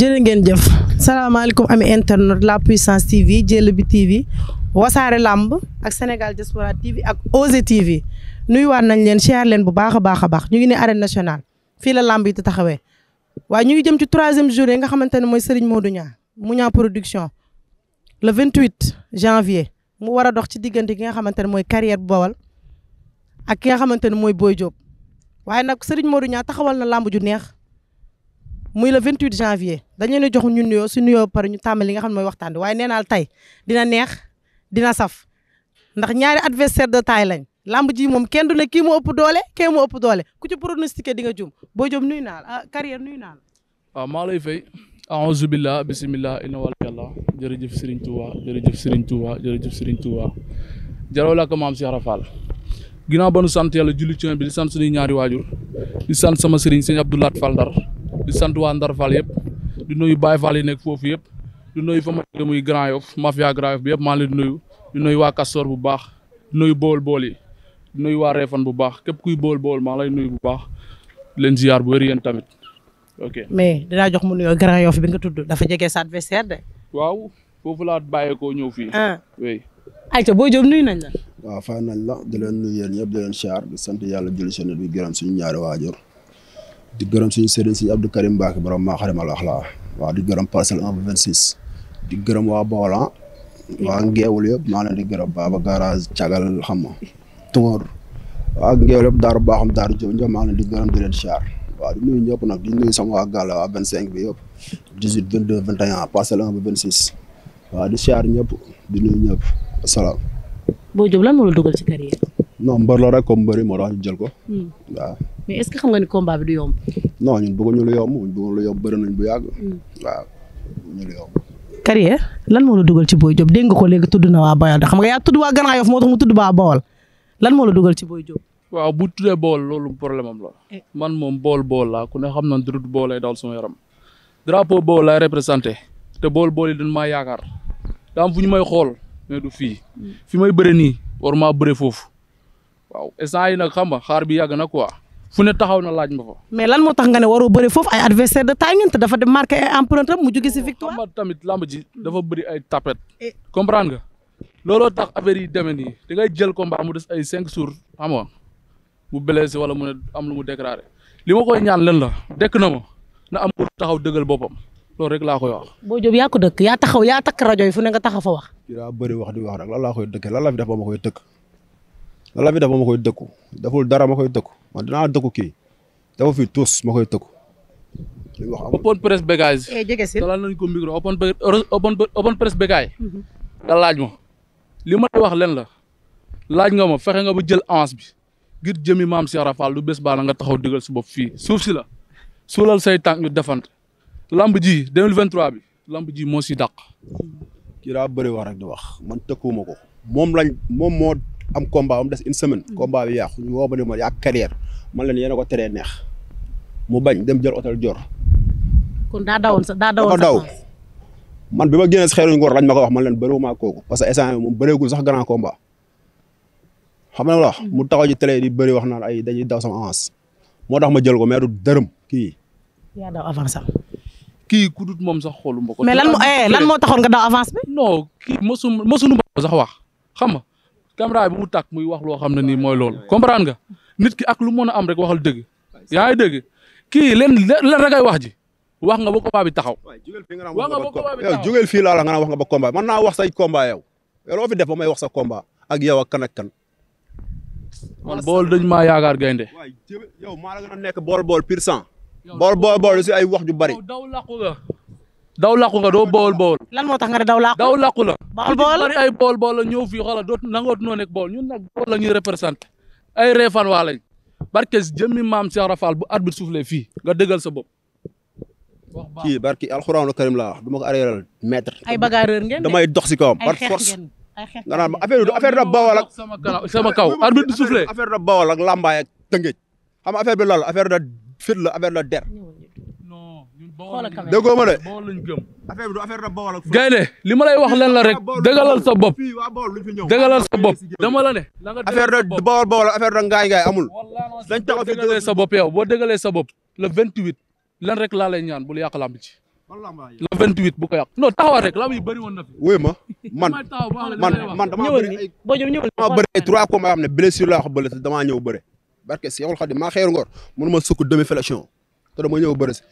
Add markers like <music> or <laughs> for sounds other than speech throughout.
jërë ngeen jëf salaamaaleykum ami internet la puissance TV Jelle bi TV wasaare làmb ak Sénégal Diaspora TV ak Ose TV nuyuwaat nañ leen siyaar leen bu baax a baax a baax ñu ngi ne arène nationale fii la làmb yi di taxawee. waaye ñu ngi jëm ci troisième journée nga xamante ne mooy Serigne Modou Niang mu Niang production le 28 janvier mu war a dox ci diggante ki nga xamante ne mooy carrière bu bawal ak ki nga xamante ne mooy Boy Diop waaye nag Serigne Modou Niang taxawal na làmb ju neex. muy le 28 janvier dañu leen jox ñu nuyoo su nuyoo pare ñu tàmbali li nga xam ne mooy waxtaan bi waaye nee naa dina neex dina saf ndax ñaari adversaire de taille lañ lamb jii moom kenn du ne kii mu ëpp doole kii mu ëpp doole ku ci pronostiqué di nga jum boo jëm nuyu naa la ah, carrière nuyu naa la. waaw ah, maa lay fay aouzu billah bisimilah inna wala yàlla jërëjëf Serigne Touba jërëjëf Serigne Touba jërëjëf Serigne Touba jaraw la ko maam Cheikh Rafal ginnaaw ba nu sant yàlla julli ci bi di sant suñuy ñaari waajur di sant sama Serigne sëñ Abdoulaat Fall Ndar di sant waa Ndar Fall yëpp di nuyu Baye Fall yi nekk foofu yëpp di nuyu fa ma muy Grand Yoff mafia Grand Yoff bi yëpp maa leen nuyu di nuyu bu baax di bool bool nuyu waa Réfane bu baax képp kuy bool bool maa lay nuyu bu baax di leen ziar bu wér yéen tamit ok. mais dinaa jox mu nuyoo Grand Yoff bi nga tudd dafa jege sa adversaire de. waaw foofu laa bàyyeekoo ñëw fii. Ah. oui. ayca boo jëm nuyu nañ la. waaw fay nañ la di leen nuyu yéen ñëpp di leen ziar sant yàlla julli seen bi gërëm suñu ñaari waajur di gërëm suñu sëriñ si Abdou Karim Mbacke borom maa xarimal wax laa waaw di gërëm parcelle un ba vingt six di gërëm waa Boolan ah, waa ngeewul yëpp maa leen di gërëm ma Tóor waa ngeewul yëpp daaru baaxam daaru jëm jëm maa leen di gërëm di leen char waaw di nuyu di nuyu sama waa gàll waa vingt cinq bi yëpp dix huit vingt deux vingt et un parcelle un ba vingt di char ñëpp di nuyu ñëpp asalaam Boy Diop lan moo la dugal ci carrière non mbër la rek comme mbëri moo tax ñu ko hmm. waaw mais est-ce que xam nga ni combat bi du yomb. non ñun bëgguñu lu yomb bu yàgg. Mm. waaw bëgguñu lu yomb. carrière lan moo la dugal ci Boy Diop dégg nga ko léegi tudd na waa Bayal da xam nga yaa tudd waa Grand Yoff moo tax mu tudd waa Bawol lan moo la dugal ci Boy Diop. waaw bu tuddee Bawol loolu problème la. Eh. man moom bool Bawol laa ku xam na durut Bawol lay dawal sama yaram. drapeau Bawol te Bawol Bawol yi dañ yaakaar daa am fu ñu may xool mais du fii mm. fi may bëre nii war maa bëre foofu waaw instant yi xam nga xaar bi yàgg na quoi. fu ne taxaw na laaj ma fa. mais lan moo tax nga ne waroo bëri foofu ay adversaire de taille dafa de marqué ay empreinte mu jóge si victoire. xam tamit lamb ji dafa bëri ay tapet. comprendre nga looloo tax affaire yi demee nii da ngay jël combat mu des ay cinq jours xam nga mu blessé wala mu ne am lu mu déclaré li ma koy ñaan lan la dekk na ma na am taxaw dëggal boppam. loolu rek laa koy wax. boo jóg yaa ko dëkk yaa taxaw yaa takk rajo yi fu ne nga taxaw fa wax. yaa bëri wax wax rek lan laa koy dëkkee lan la fi def ba koy dëkk lan la fi def koy dëkku deful dara ma koy dëkku man dinaa dëkku kii dafa fi tuus ma koy tëkku. li wax amul open press Bécaye. Eh, jege ko micro open open open press Bécaye. Mhm. nga laaj ma li ma wax len la laaj nga ma fexe nga ba jël avance bi ngir jëmi maam si Arafal lu bés baana nga taxaw digal su bopp fii suuf si la suulal say tànk ñu defante lamb ji 2023 bi lamb ji moo si dàq. kii daa bëri wax rek di wax man ma ko moom lañ moom moo am combat am des une semaine. Mm. combat bi yàqu ñu woo ma ne ma yàq carrière man la yéen ko teree neex mu bañ dem jël hôtel Dior. kon daa dawoon sa man bi ma génnee si xeeru ngor lañ ma ko wax man leen bëriwuma kooku parce que instant moom bëreegul sax grand xam nga wax mm. mu taxaw ci télé di bëri wax naan ay dañuy daw sama avance moo tax ma jël ko mais du dërëm kii. yaa daw avance kii ku dut moom sax xoolu ma ko. mais moo lan moo eh, nga daw avance bi. ma ko sax wax caméra bi mu tàkk muy wax loo xam ne nii mooy loolu comprendre nga nit ki ak lu mën a am rek waxal dëgg yaa ngi dëgg kii leen leen rek ay wax ji wax nga ba combat bi taxaw. wax nga ba combat fii laa nga naan wax nga ba combat man naa wax say combat yow loo fi def ba may wax sa combat ak yow ak kan ak kan. man bool dañ maa yaakaar gaynde. yow maa a nekk bool bool pur bool bool bool si ay wax ju bari. daw làqu daw làqu nga doo bool bool. lan moo tax nga ne daw làqu. daw làqu la. bool bool la ñëw fii xoolal dootu nangoo noo nekk bool ñun nag bool la ñuy représenté ay reefan waa barke jëmmi maam Cheikh Rafal bu arbitre soufflé fii nga dëggal sa bopp. kii barki alxuraanu karim laa wax du ma ko areeral maître. ay bagarreur ngeen damay dox si kawam par force. nga da bawal ak sama kaw sama kaw arbitre affaire da bawal ak làmbaay ak tëngéej xam affaire bi loolu da der déggoo ma de. gaynde li ma lay wax leen la rek dëggalal sa dëggalal sa bopp dama la ne. affaire lan rek laa lay ñaan bul yàq lamb ci. le 28 bu ko yàq non taxawal rek lamb yi bëri woon na fi. ma man man man damaa trois combats yoo xam ne blessure laa wax bële damaa ñëw bëre. barke si yow maa xeeru ngor mënuma sukk demi flexion te dama ñëw bëre si.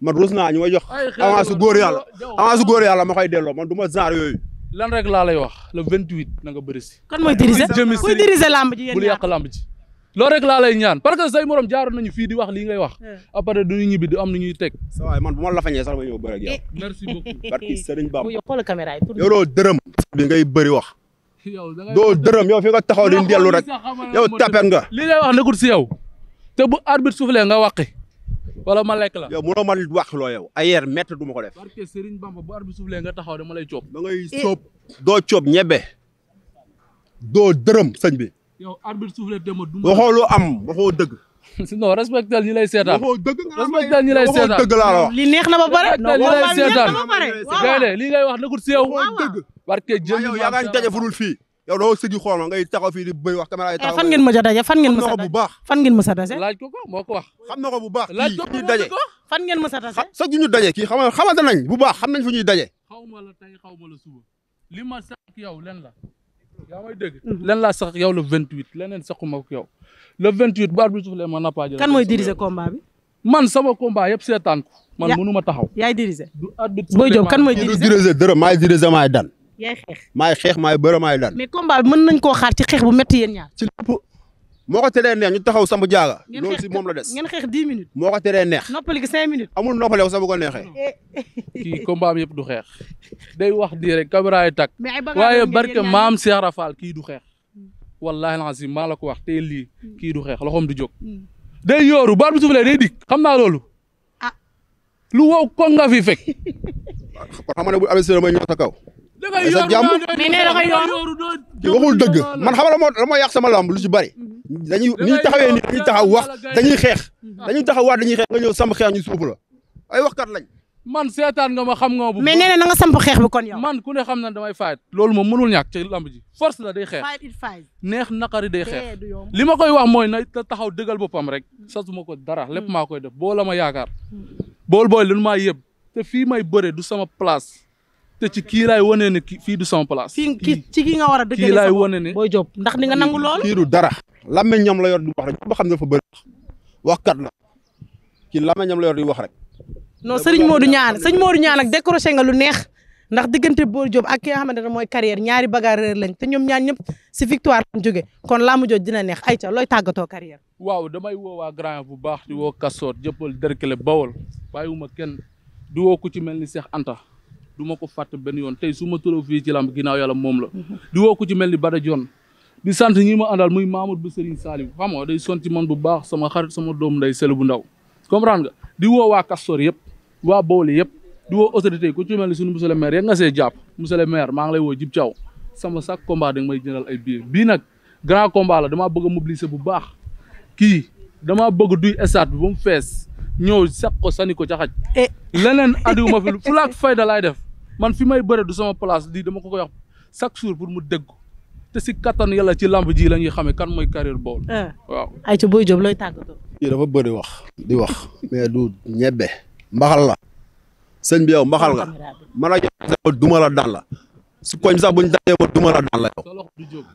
man rus naa ñu may jox avance su góor yàlla avance su góor man du ma genre lan rek laa lay wax le 28 na nga bëri si. kan mooy diriger kuy diriger lamb ji yéen bul yàq lamb ji. loolu rek laa lay ñaan parce que say morom jaaroon nañu fii di wax lii ngay wax. Eh. après du ñu ñibbi du am nu ñuy teg. sa waay man bu ma la fañee sax ma ñëw bëri ak yow. Eh. merci beaucoup <laughs> barki Serigne Bamba. yow xoolal caméra yi nga taxaw nga. li lay wax nekkul si yow te bu arbitre nga wàqi wala ma lekk la. yow ma wax loo yow. ayer mètre du ma ko def. parce que Serigne Bamba bu arbitre soufflé nga taxaw dama lay coob. da ngay eh. coob doo coob ñebe. doo dërëm sëñ bi. yow arbitre soufflé dama du ma. waxoo lu am waxoo dëgg. <laughs> non respectel ñi lay seetaan respectel ñi lay seetaan li neex na ba pare ñi lay seetaan gaynde lii ngay wax nekkul si yow barke jëm yaa ngi daje furul fii yow doo sëggi ngay taxaw fii di bëy wax caméra eh, ay taxaw fan ngeen ma sa daje fan ngeen ma sa daje bu baax ngeen ma sa daje laaj ko ko moo ko xam na ko bu baax laaj ko ñu daje fan sax ñu daje kii xama xamante xaw ma la la li ma sax yow len la yaa may dégg len laa sax yow le 28 leneen saxuma ko yow le 28 bu arbitre soufflé ma nappaaje kan mooy diriger combat bi man sama combat yëpp seetaan man mënu ma taxaw yaay diriger du arbitre booy jóg kan mooy diriger dërëm maay diriger maay dan yaay xeex maay xeex maay bëre maay daan. mais combat bi mën nañ koo xaar ci xeex bu métti yéen ñaar. ci moo ko teree neex ñu taxaw samp jaaga. loolu si moom la des ngeen xeex dix moo ko teree neex. noppali ko cinq minutes. amul noppaleeku sax bu ko neexee. <laughs> kii yëpp du xeex. day wax di rek caméra yi tàkk. waaye barke maam Cheikh Rafal kii du xeex. wallahi alazim maa la ko wax te lii mm. kii du xeex loxoom du jóg. Mm. day yooru baat bu suufulee day dikk xam naa loolu. ah lu wow ko nga fi fekk. <laughs> kon xam nga ne bu amee seen may kaw sa jàmm waxul dëgg man xamala moo la moo yàq sama lamb lu ci bari dañuy ni ñu taxawee ni dañuy taxaw wax dañuy xeex mm-hmm. dañuy taxaw wax dañuy xeex nga ñëw samp xeex ñu suuf la ay waxkat lañ man seetaan nga ma xam nga bu mais nee na na nga samp xeex bi kon yow man ku ne xam na damay faayit loolu moom mënul ñàkk ci lamb ji force la day xeex neex naqari day xeex li ma koy wax mooy na taxaw dëggal boppam rek sasuma ko dara lépp mm. maa koy def boo la ma yaakaar mm. bool booy lu maa yëb fii may bëre du sama place te ci kii laay wane ne fii du sama place. fii kii ci kii nga war a dëkkale kii laay wane ne. booy job ndax ni nga nangu lool. kii du dara. làmmiñ ñoom la yor di wax rek ba xam ne dafa bëri waxkat la kii làmmiñ ñoom la wax rek. non sëriñ Modou Niang sëriñ Modou Niang nag décroché nga lu neex ndax diggante Boy Diop ak ki nga xamante ne mooy carrière ñaari bagarreur lañ te ñoom ñaar ñëpp si victoire lañ jóge kon làmb jooju dina neex ayca looy tàggatoo carrière. waaw damay woo waa grand bu baax di woo Kassoor jëppal Derkele Bawol bàyyiwuma kenn di woo ci mel ni Cheikh Anta du ma ko fàtte benn yoon tey su ma turoo fii ci lamb ginnaaw yàlla moom la. di woo ku ci mel ni Bada Dione di sant ñi ma àndal muy Mamoud bu Serigne Salim xam nga day sonti man bu baax sama xarit sama doom nday sel bu ndaw. comprendre nga di woo waa Castor yëpp waa Bawol yëpp di woo autorité ku ci mel ni suñu monsieur le maire yegg nga see jàpp monsieur le maire maa ngi lay woo Jib Thiaw sama sax combat da may jëndal ay billets bii nag grand combat la damaa bëgg a mobiliser bu baax ba mu fees ñëw sax ko ko ca xaj eh. leneen adiwuma fi <laughs> fulaak fayda laay man fi may bëre du sama place lii dama ko koy wax chaque jour pour mu dégg te si kattan yàlla ci lamb ji la ñuy xamee kan mooy carrière Baol. Ah. waaw ayca Boy Diop looy tàggatoo. kii dafa bëri wax. di wax mais du ñebe. mbaxal la. sëñ bi yow mbaxal nga. man ak yow duma la daan la. si koñ sax buñ dajee ba duma la daan la yow.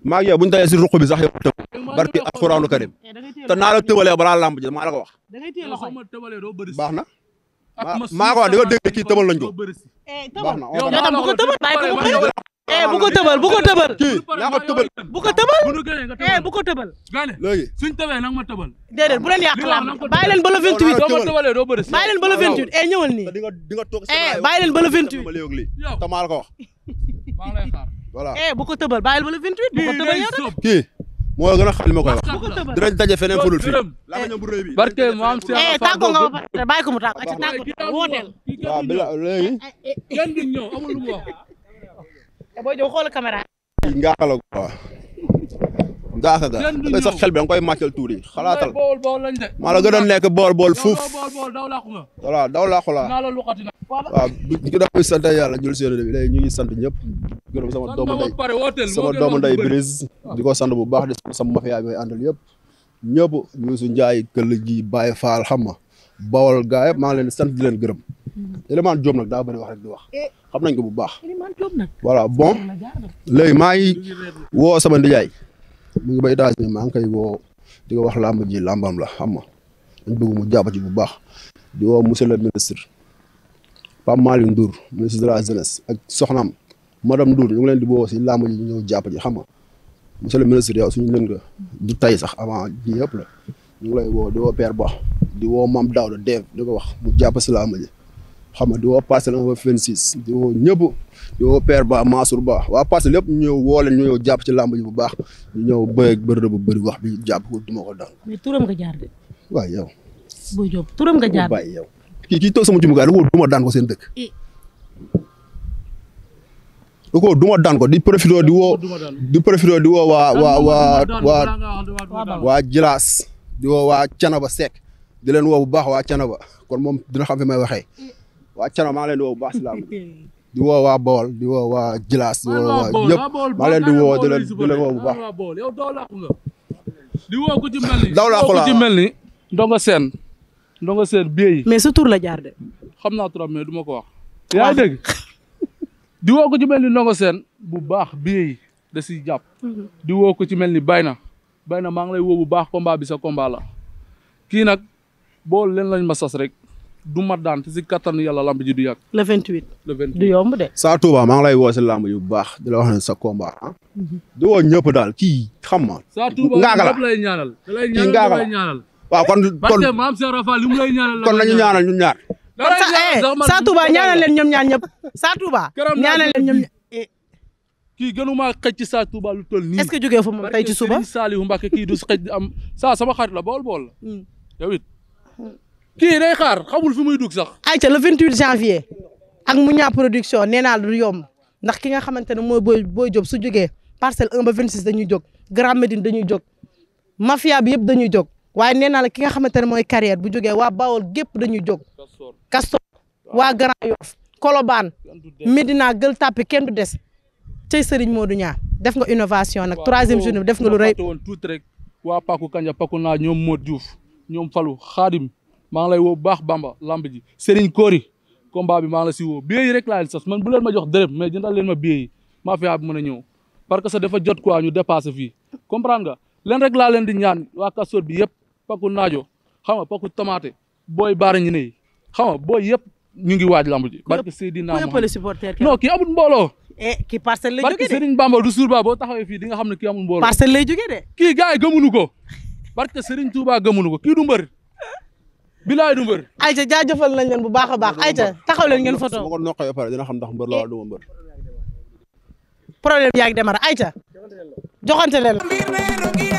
maa ngi yow buñ dajee si ruq bi sax yow tëb. Eh, barki alxuraanu karim. Eh, te naa la tëbalee balaa lamb ji dama la wax. baax na. maa ko wax di kii tëbal nañ ko. baax eh, na yow tam eh, bu ko tëbal bu ko tëbal bu ko kii yaa ko tëbal. bu ko tëbal eh bu ko tëbal. léegi suñ tëbee nag ma tëbal. déedéet bu leen yàq làmb bàyyi ma tëbalee doo bëri si. bàyyi leen ba le ko wax. voilà eh bu ko tëbal bàyyi leen kii moo gën a xam li ma koy wax dinañ daje feneen fëlul fii la ñam bu rëy bi barke mu am ci tàggoo nga ba pare bàyyi ko mu tàggoo ci tàggoo wooteel waaw bi la léegi kenn du ñëw amul lu mu wax eh, booy jow xool caméra nga xala ko gaasa ga da sax xel bi nga koy màccal tuuti xalaatal maa la gën a nekk bool bool fuuf voilà daw laaxu laa waaw ginnaaw bi sant yàlla jul séeréer bi léegi ñu ngi sant ñëpp gërëm sama doomu ndey sama doomu ndey Brise di ko sant bu baax di sama mafia bi may àndal yëpp ñëpp Youssou Ndiaye këll gi Baye Fall xam ma bawal gaa yëpp maa leen di sant di leen gërëm mm-hmm. Elimane Diop nag daa bëri wax rek di wax eh. xam nañ ko bu baax voilà bon léegi maa woo sama ndijaay mu ngi ba États-Unis maa ngi koy woo di ko wax làmb ji làmbam la xam nga dañ mu jàpp ci bu baax di woo monsieur le ministre Pape Malick Ndour ministre de la jeunesse ak soxnaam madame Ndour ñu ngi leen di woo si làmb ji ñëw jàpp ji xam nga monsieur le ministre yow suñu leen nga du tey sax avant ji yëpp la ñu ngi lay woo di woo Père Ba di woo Mame Daouda Dev di ko wax mu jàpp si làmb ji xam nga di woo parcelle un ba vingt six di woo ñëpp di woo Père Ba Mansour Ba waa parcelle yëpp ñu ñëw woo ñu ñëw jàpp ci làmb ji bu baax ñu ñëw bëyeeg bërëb bu bëri jàpp ko du ma ko dal. mais turam nga jaar de. toog sama jumtukaay lu ko duma daan ko seen dëkk. lu eh. ko duma daan ko di profité di woo. di profité di woo waa waa waa waa waa Jilaas di woo waa Canaba Seck di leen woo bu baax waa Canaba kon moom dina xam fi may waxee. Eh. waa Thiano maa ngi leen di woo bu baax si <laughs> di woo waa bool di woo waa Jilaas di woo waa ñëpp maa leen di woo di leen di bu baax. yow doo làqu nga. di woo ku ci mel ni. daw seen. ndongo seen bee mais sa tur la jaar de. naa trop mais du ko wax. yaa ngi ci mel ni ndongo seen. bu baax bee yi da siy jàpp. di woo ku ci mel ni bay na. bay na maa ngi lay woo bu baax combat bi sa combat la. kii nag bool leen lañ ma sas rek. du mat daan te si kattanu yàlla lamb ji du yàgg. le 28. le 28 du yomb de. saa Touba maa ngi lay woo si lamb ji bu baax di la wax ne sa combat ah. Mhm. di woo ñëpp daal kii xam ma. saa Touba ñëpp lay ñaanal. la waaw kon kon parce que maam Seydou Rafa li mu lay ñaanal. kon nañu ñaanal ñun ñaar. saa eh, Touba ñaanal leen ñoom ñaar ñëpp. saa Touba ñaanal leen ñoom ñaar. kii gënumaa xëj saa saa sama la bool bool la. Mm. kii day xaar xamul fi muy dugg sax. ayca vingt 28 janvier ak mu ñaa production nee naa du yomb ndax ki nga xamante ne mooy booy booy job su jógee parcelle 1 ba 26 dañuy jog Grand Médine dañuy jog mafia bi yëpp dañuy jóg waaye nee naa la ki nga xamante ne mooy carrière bu jógee waa Bawol gépp dañuy jóg. Castor waa Grand Yoff Colobane Médina Gueule Tapée kenn du des cey moo du ñaa def nga innovation nag troisième journée def nga lu rëy. waaw waaw waaw waaw waaw waaw waaw waaw waaw waaw waaw waaw waaw waaw waa maa ngi lay woo baax Bamba lamb ji Serigne Kori combat bi la si woo billet yi rek laa leen sas man bu leen ma jox dërëm mais jëndal leen ma billet yi mafia bi mën a ñëw parce que ça dafa jot quoi ñu dépassé fii comprendre nga leen rek laa leen di ñaan waa Kastoor bi yëpp paku naajo xam nga paku tomate booy baara ñu ne xam nga booy yëpp ñu ngi waaj lamb ji barke Seydina Muhammad non kii amul mbooloo eh kii parcelle lay de barke Serigne Bamba du suur ba boo taxawee fii di nga xam ne kii amul mbooloo parcelle lay jógee de kii gars yi gëmuñu ko bilaay du mbër. ayca jaajëfal nañ leen bu baax a baax ayca taxaw leen ngeen photo. su ma ko noqee pare dina xam ndax mbër la wala du ma mbër. problème yaa ngi démarré